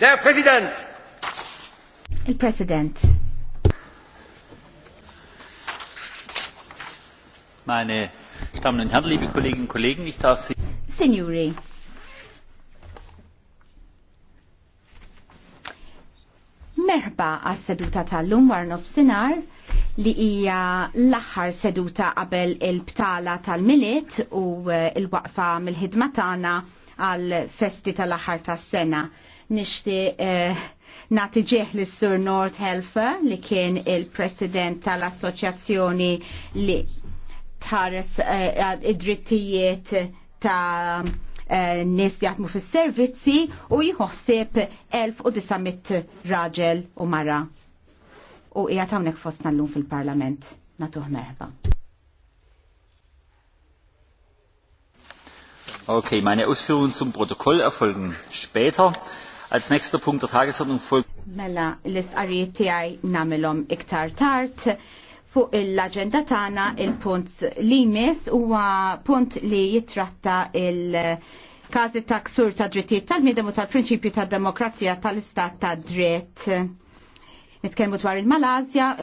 Der President! Il-President. Meine Damen und Herren, liebe Kolleginnen und Kollegen, ich darf Sie... Signori. Merba għas-seduta tal-lum war Sinar li hija l-aħħar seduta qabel il-btala tal milit u eh, l-waqfa mill-ħidma tagħna għal festi tal-aħħar tas-sena nishti natiġeħ eh, nati l sur Nord Helfa li kien il-president tal-assoċjazzjoni li tħares eh, id-drittijiet ta' eh, nis li għatmu fil-servizzi u jħossib 1900 raġel u mara. U jgħat għawnek fostna l-lum fil-parlament. Natuħ merħba. Okay, meine Ausführungen zum Protokoll erfolgen später. Als nächster Punkt der Tagesordnung folgt. Mela, l-istqarrijiet tiegħi nagħmilhom iktar tard. Fuq l-aġenda tagħna il-punt li jmiss huwa punt li jitratta il- każi ta' ksur ta' drittijiet tal-midem u tal-prinċipju tad demokrazija tal-istat ta' dritt. Nitkellmu dwar il-Malazja,